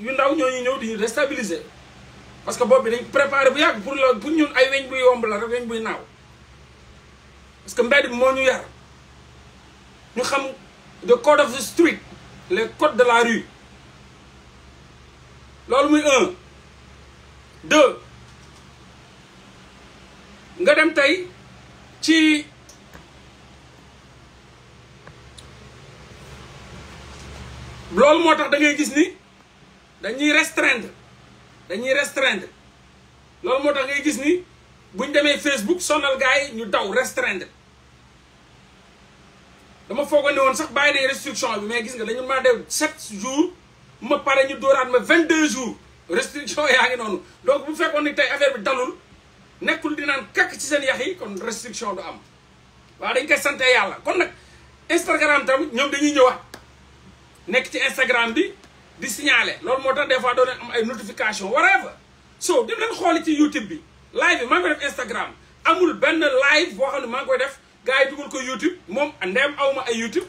yu ndaw ñooñu ñëw di ñu déstabiliser parce que boobu dañ préparé bu yàgg pour la pour ñun ay weñ buy yomb la rek weñ buy naaw parce que mbedd bi moo ñu yar ñu xam the code of the street les codes de la rue loolu muy un deux nga dem tey ci loolu moo tax da gis ni dañuy restreindre dañuy restreindre loolu moo tax ngay gis ni buñ demee Facebook sonal gars yi ñu daw restreindre dama foogoon ne woon sax bàyyi nañ restriction bi mais gis nga dañu ma def sept jour ma pare ñu dooraat ma vingt deux jours restriction yaa ngi noonu donc bu fekkoon ni tey affaire bi dalul nekkul di naan kakk ci seen yax yi kon restriction du am waaw dañ koy sante yàlla kon nag Instagram tamit ñoom dañuy ñëwaat nekk ci Instagram bi di signaler loolu moo tax des fois doo am ay notification whatever so dem leen xooli ci YouTube bi live bi maa ngi def Instagram amul benn live boo xam ne maa ngi koy def gars yi dugal ko YouTube moom ndeem awma ay YouTube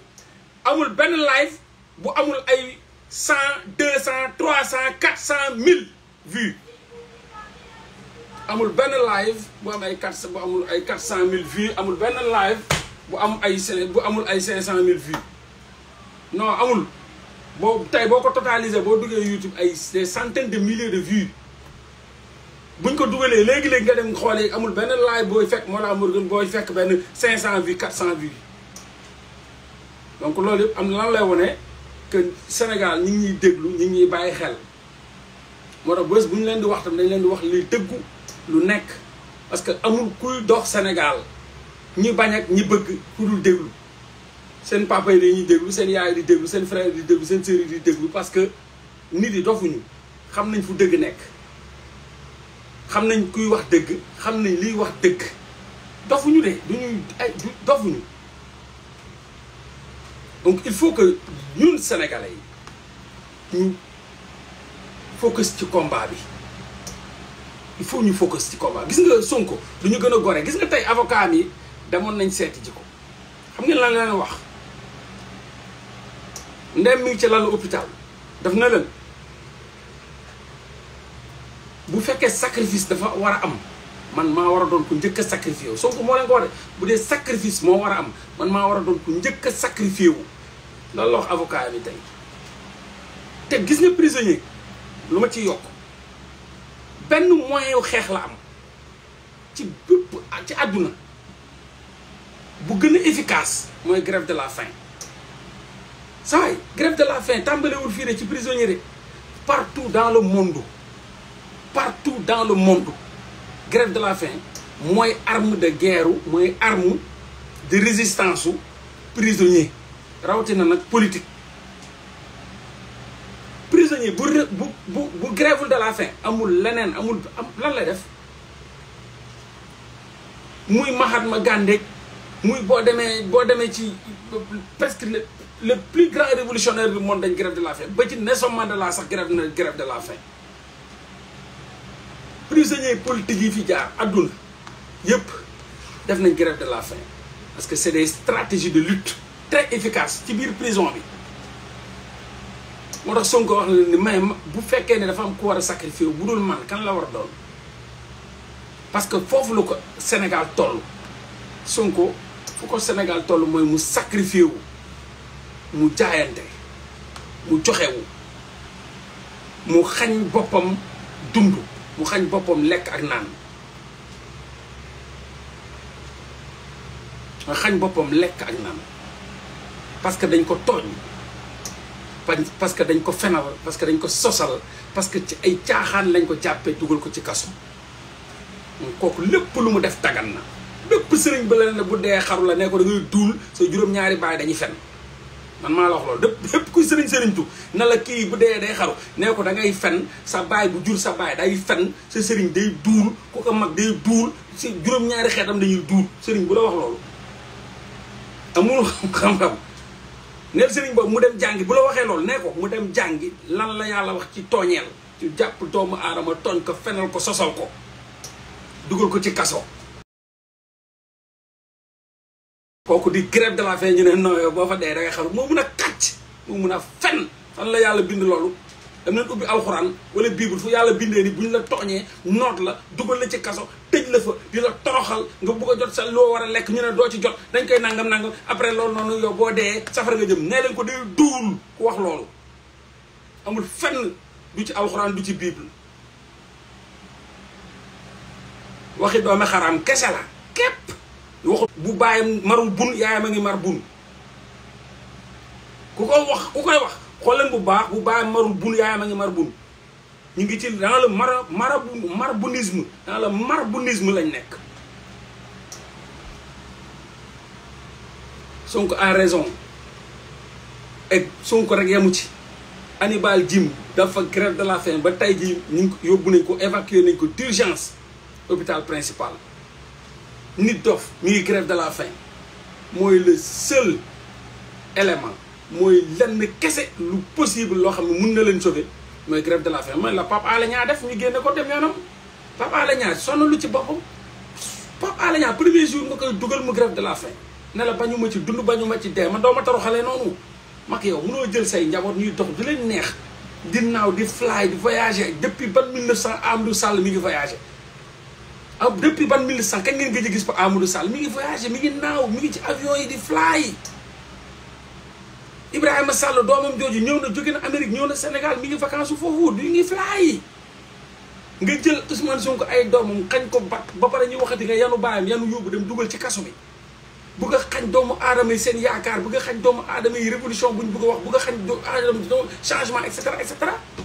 amul benn live bu amul ay cent deux cent trois cent quatre cent mille vues amul benn live bu am ay quatre amul ay quatre cent mille vues amul benn live bu am ay bu amul ay cinq cent mille vues no amul. boo tey boo ko totalisé boo duggee YouTube ay des centaines de milliers de vues buñ ko dugalee léegi-léegi nga dem xoolee amul benn live booy fekk moo la amul booy fekk benn 500 vues 400 vues donc loolu yëpp am na la lay wone que Sénégal ñi ngi déglu ñi ngi ñuy bàyyi xel moo tax bés bu leen di wax tam dañ leen di wax li dëggu lu nekk parce que amul kuy dox Sénégal ñi bañ ak ñi bëgg pour dul déglu. seen papa yi dañuy déglu seen yaay di déglu seen frère di déglu seen sœur di déglu parce que nit yi dofuñu xam nañ fu dëgg nekk xam nañ kuy wax dëgg xam nañ liy wax dëgg dofuñu de ñu ay ñu donc il faut que ñun sénégalais yi ñu focus ci combat bi il faut ñu focus ci combat gis nga Sonko du ñu gën a gore gis nga tey avocat mi demoon nañ seeti ji ko xam ngeen lan leen wax ndem mi ngi ci lalu hôpital daf na leen bu fekkee sacrifice dafa war a am man maa war a doon ku njëkk a sacrifié wu Sonko moo leen ko waxee bu dee sacrifice moo war a am man maa war a doon ku njëkk a sacrifié wu loolu la wax yi tey te gis nga prisonnier lu ma ci yokk benn moyen wu xeex la am ci bépp ci àdduna bu gën a efficace mooy grève de la faim saay grève de la faim tàmbalewul fii ci prisonnier rek partout dans le monde partout dans le monde grève de la faim mooy arme de guerre mooy arme de résistance su prisonnier rawatina nag politique prisonnier bu bu bu bu de la faim amul leneen amul am lan lay def muy Mahatma Gandhi muy boo demee boo demee ci presque le plus grand révolutionnaire bi monde dañ grève de la faim ba ci Nelson Mandela sax grève na grève de la faim prisonniers politiques yi fi jaar adduna yëpp def nañ grève de la faim parce que c'est des stratégies de lutte très efficaces ci biir prison bi moo tax Sonko wax na ni mais bu fekkee ne dafa am ku war a sacrifier bu dul man kan la war a doon parce que foofu la ko Sénégal toll Sonko fu ko Sénégal toll mooy mu sacrifier wu mu jaayante mu joxewu mu xañ boppam dund mu xañ boppam lekk ak naan nga xañ boppam lekk ak naan parce que dañ ko tooñ parce que dañ ko fenal parce que dañ ko sosal parce que ci ay caaxaan lañ ko jàppee dugal ko ci kasu mu kooku lépp lu mu def dagan na lépp sëriñ ba la ne bu dee xaru la ne ko da dul duul sa juróom-ñaari baay dañuy fen man maa la wax loolu lépp lépp kuy sëriñ sëriñtu na la kii bu dee day xaru nee ko dangay ngay fen sa baay bu jur sa baay day fen sa sëriñ day duul ku ko mag day duul si juróom-ñaari xeetam dañuy duul sëriñ bu la wax loolu amul xam-xam neel sëriñ boobu mu dem jàngi bu la waxee loolu nee ko mu dem jàngi lan la yàlla wax ci tooñeel ci jàpp doomu aadama tooñ ko fenal ko sosal ko dugal ko ci kaso kooku di grève de la faim ñu ne nooyoo boo fa dee da ngay xam moo mun a kàcc moo mun a fen fan la yàlla bind loolu dam leen ubbi alxuraan wala bible fu yàlla bindee ni bu ñu la tooñee noot la dugal la ci kaso tëj la fa di la toroxal nga bugg a jot sa loo war a lekk ñu ne doo ci jot dañ koy nangam nangam après loolu noonu yow boo dee safara nga jëm nee leen ko day duul ku wax loolu amul fenn du ci alxuraan du ci bible waxi doomi xaraam kese la képp waxu bu bàyyam marul bun yaayam a ngi mar bun ku ko wax ku koy wax xooleen bu baax bu bàyyam maru bun yaayam a ngi mar bun ñu ngi ci dans le mara marabu marbunisme dans mar marbunisme lañ nekk Sonko a raison et Sonko rek yemu ci Hannibal Djim dafa grève de la faim ba tey ji ñu ngi yóbbu nañ ko évacuer nañ ko d'urgence hôpital principal nit dof mi ngi grève de la faim mooy le seul élément mooy lenn kese lu possible loo xam ne mun na leen sauver mooy grève de la faim mooy la Pape Alé Niang def ñu génne ko dem yoonam Pape Alé Niang sonn lu ci boppam Pape Alé Niang premier jour nga koy dugal mu grève de la faim ne la bañu ma ci dund bañu ma ci dee man doo ma taru xale noonu mag yow mënoo jël say njaboot ñuy dox di leen neex di naaw di fly di voyager depuis ban 1900 Amadou Sall mi ngi voyager ab depuis ban ministre kañ ngeen gëj a gis ba Amadou Sall mi ngi voyagé mi ngi naaw mi ngi ci avion yi di fly Ibrahima Sall doomam jooju ñëw na jóge na amerique ñëw na Sénégal mi ngi vacance foofu du ngi fly nga jël Ousmane Sonko ay doomam xañ ko bat ba pare ñu waxati nga yanu baayam yanu yóbbu dem dugal ci kaso bi bëgg a xañ doomu aadama yi seen yaakaar bëgg xañ doomu aadama yi révolution bu bëgg a wax bëgg xañ doomu aadama changement et cetera et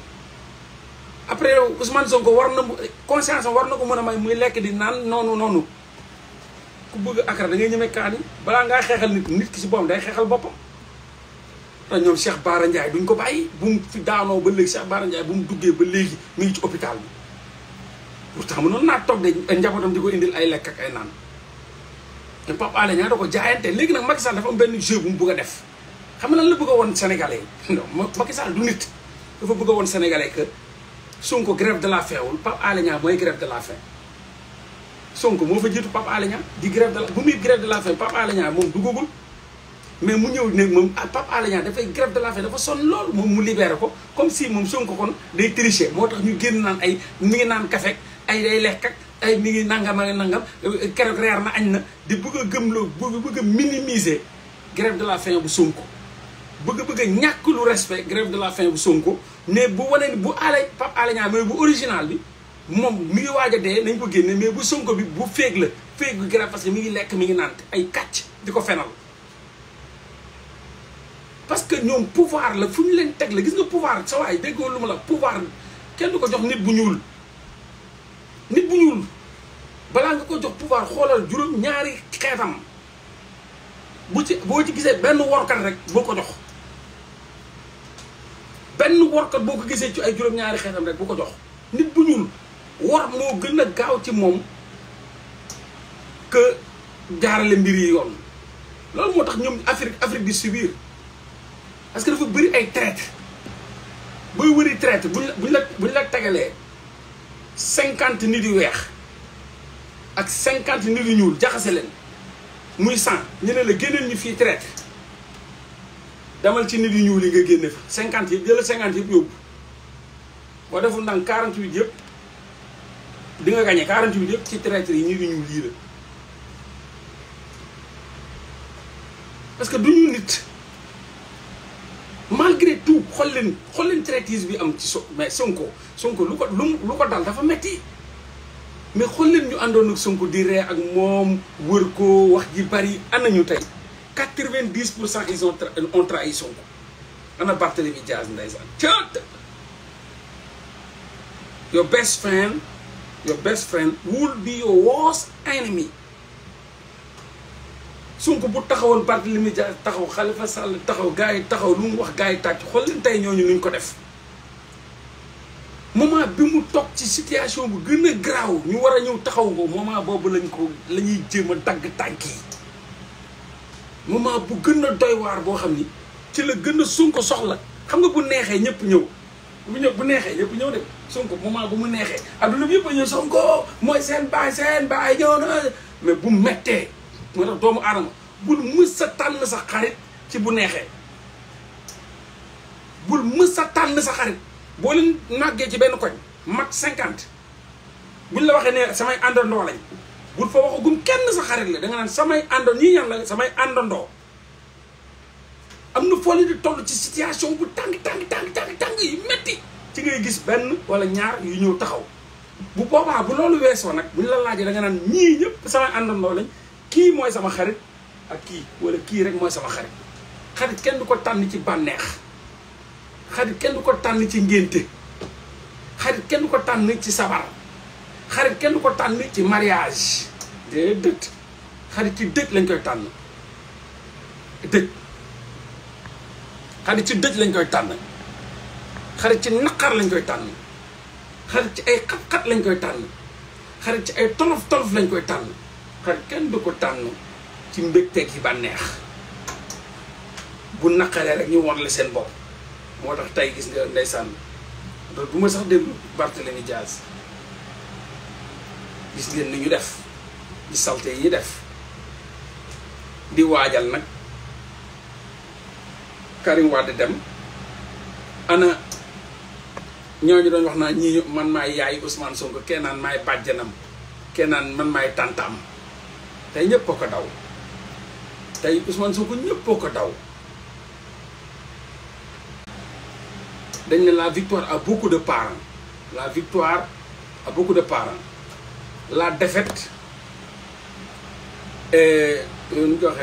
après Ousmane Sonko war na conscience am war na ko mën a may muy lekk di naan noonu noonu ku bëgg akara da ngay ñeme kaani balaa ngaa xeexal nit nit ki si boppam day xeexal boppam te ñoom Cheikh Bara duñ ko bàyyi bu mu fi daanoo ba léegi Cheikh Bara bu mu duggee ba léegi mu ngi ci hôpital bi pourtant mënoon naa toog de njabootam di ko indil ay lekk ak ay naan te Pape Alé ko jaayante léegi nag Macky Sall dafa benn jeu bu mu bëgg def xam nga lan la bëgg woon Sénégalais yi non Macky du nit dafa bëgg woon Sénégalais Sonko grève de la faim wul Pape Alé Niang mooy grève de la faim Sonko moo fa jiitu Pape Alé Niang di grève de la bu muy grève de la faim Pape Alé Niang moom duggagul mais mu ñëw ne moom ah, Pape Alé dafay grève de la faim dafa sonn lool moom mu libéré ko comme si moom Sonko kon day tricher moo tax ñu génn naan ay mi ngi naan kafeek ay day lekk ak ay mi ngi nangam ak nangam keroog reer na añ na di bëgg a gëmloo bëgg a minimiser grève de la faim bu Sonko bëgg bëgg a ñàkk lu respect grève de la faim bu Sonko mais bu wane ni bu ale Pape Alé Niang mais bu original bi moom mu ngi waaj a dee nañ ko génne mais bu Sonko bi bu féeg la féeg bu grève parce que mi ngi lekk mi ngi naan ay kàcc di ko fenal parce que ñoom pouvoir la fu ñu leen teg la gis nga pouvoir sa waay déggoo lu ma la pouvoir kenn du ko jox nit bu ñuul nit bu ñuul balaa nga ko jox pouvoir xoolal juróom ñaari xeetam bu ci boo ci gisee benn workat rek boo ko jox benn workat boo ko gisee ci ay juróom-ñaari xeetam rek bu ko jox nit bu ñuul war moo gën a gaaw ci moom que jaarale mbir yi yoon loolu moo tax ñoom Afrique Afrique di subir parce que dafa bëri ay traite booy wëri bu buñ la bu la la tegalee cinquante nit yu weex ak cinquante nit yu ñuul jaxase leen muy cent ñu ne la génneel ñu fii traite demal ci nit yu ñuul yi nga génne fa cinquante yëpp jëlal cinquante yëpp yóbbu boo deful ndànk quarante huit yëpp di nga gañe quarante yëpp ci traître yi nit yu ñuul yii la parce que du ñu nit malgré tout xool leen xool leen traîtrise bi am ci so mais Sonko Sonko lu ko lu lu ko dal dafa metti mais xool leen ñu àndoon ak Sonko di ree ak moom wër ko wax ji bari ana ñu tey quatre-vingt-dix pour cent ils ont ont trahi Sonko ana Barthélemy Diaz ndeysaan cëtt your best friend your best friend will be your worst enemy Sonko bu taxawoon Barthélemy Diaz taxaw xalifa Sall taxaw gars yi taxaw lu mu wax gars yi tàcc xool tey ñooñu nuñ ko def moment bi mu toog ci situation bu gën a garaaw ñu war a ñëw taxaw ko moment boobu lañ ko la ñuy jéem a dagg tànk yi moment bu gën a doy waar boo xam ni ci la gën a Sonko soxla xam nga bu neexee ñëpp ñëw bu ñëw bu neexee ñëpp ñëw de Sonko moment bu mu neexee adduna bi yëpp a ñëw Sonko mooy seen baay seen baay ñëw na mais bu mettee moo tax doomu aadama bul mës sa tànn sa xarit ci bu neexee bul mës sa tànn sa xarit boo nàggee ci benn koñ mat cinquante buñ la waxee ne samay àndandoo lañ bul fa waxagum kenn sa xarit la da naan samay àndoon ñii ñan la samay àndandoo am na foo leen di toll ci situation bu tàng tàng tàng tàng tàng metti ci ngay gis benn wala ñaar yu ñëw taxaw bu boobaa bu loolu weesoo nag buñ la laajee da nga naan ñii ñëpp samay àndandoo lañ kii mooy sama xarit ak kii wala kii rek mooy sama xarit xarit kenn du ko tànn ci bànneex xarit kenn du ko tànn ci ngénte xarit kenn ko tànn ci sabar xarit kenn ko tànn ci mariage déedéet xarit ci dëj lañ koy tànn dëj xarit ci dëj lañ koy tànn xarit ci naqar lañ koy tànn xarit ci ay xat-xat lañ koy tànn xarit ci ay tolof-tolof lañ koy tànn xarit kenn du ko tànn ci mbégteeg yi bànneex bu naqaree rek ñu won la seen bopp moo tax tey gis nga ndeysaan bu ma sax déglu Barthélémy Dias gis ngeen ni ñu def di salte yi def di waajal nag Karim Wade dem ana ñooñu doon wax naa ñi man maay yaay Ousmane Sonko kennaan maay bàjjanam kennaan man maay tàntaam tey ñëpp a daw tey Ousmane Sonko ñëpp ko daw dañ ne la victoire a beaucoup de parents la victoire a beaucoup de parents la défaite et euh, nu ñu waxee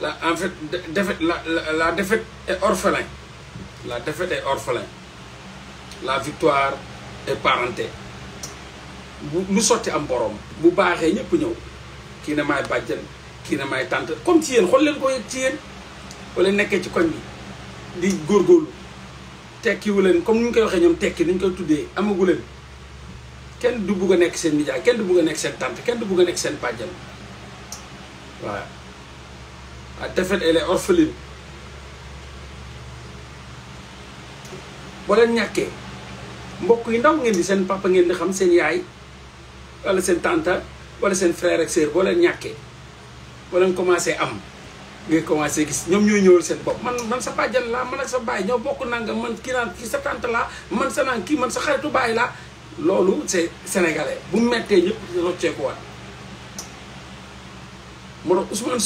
la en la la défaite est orphelin la défaite est orphelin la victoire est parenté bu lu sotti am boroom bu baaxee ñëpp ñëw kii na ne maay bàjjan kii na maay tànt comme ci yeen xool leen ko ci yeen wala nekkee ci koñ bi di góor góorgóorlu tekkiwu leen comme ni ñu koy waxee ñoom tekki ni koy tuddee amagu leen kenn du bugg a nekk seen nijaay kenn du bugg a nekk seen tante kenn du bugg a nekk seen bàjjan waaw waaw tefet elle est orpheline boo leen ñàkkee mbokk yi ndaw ngeen di seen papa ngeen di xam seen yaay wala seen tante wala seen frère ak sœur boo leen ñàkkee boo leen commencé am ngay commencé gis ñoom ñooy ñëwal seen bopp man man sa bàjjan laa man ak sa baay ñoo bokk nangam man kii naan kii sa tante laa man sa naan kii man sa xaritu baay laa loolu c'est sénégalais bu mettee ñëpp rocceekuwaat moo tax Ousmane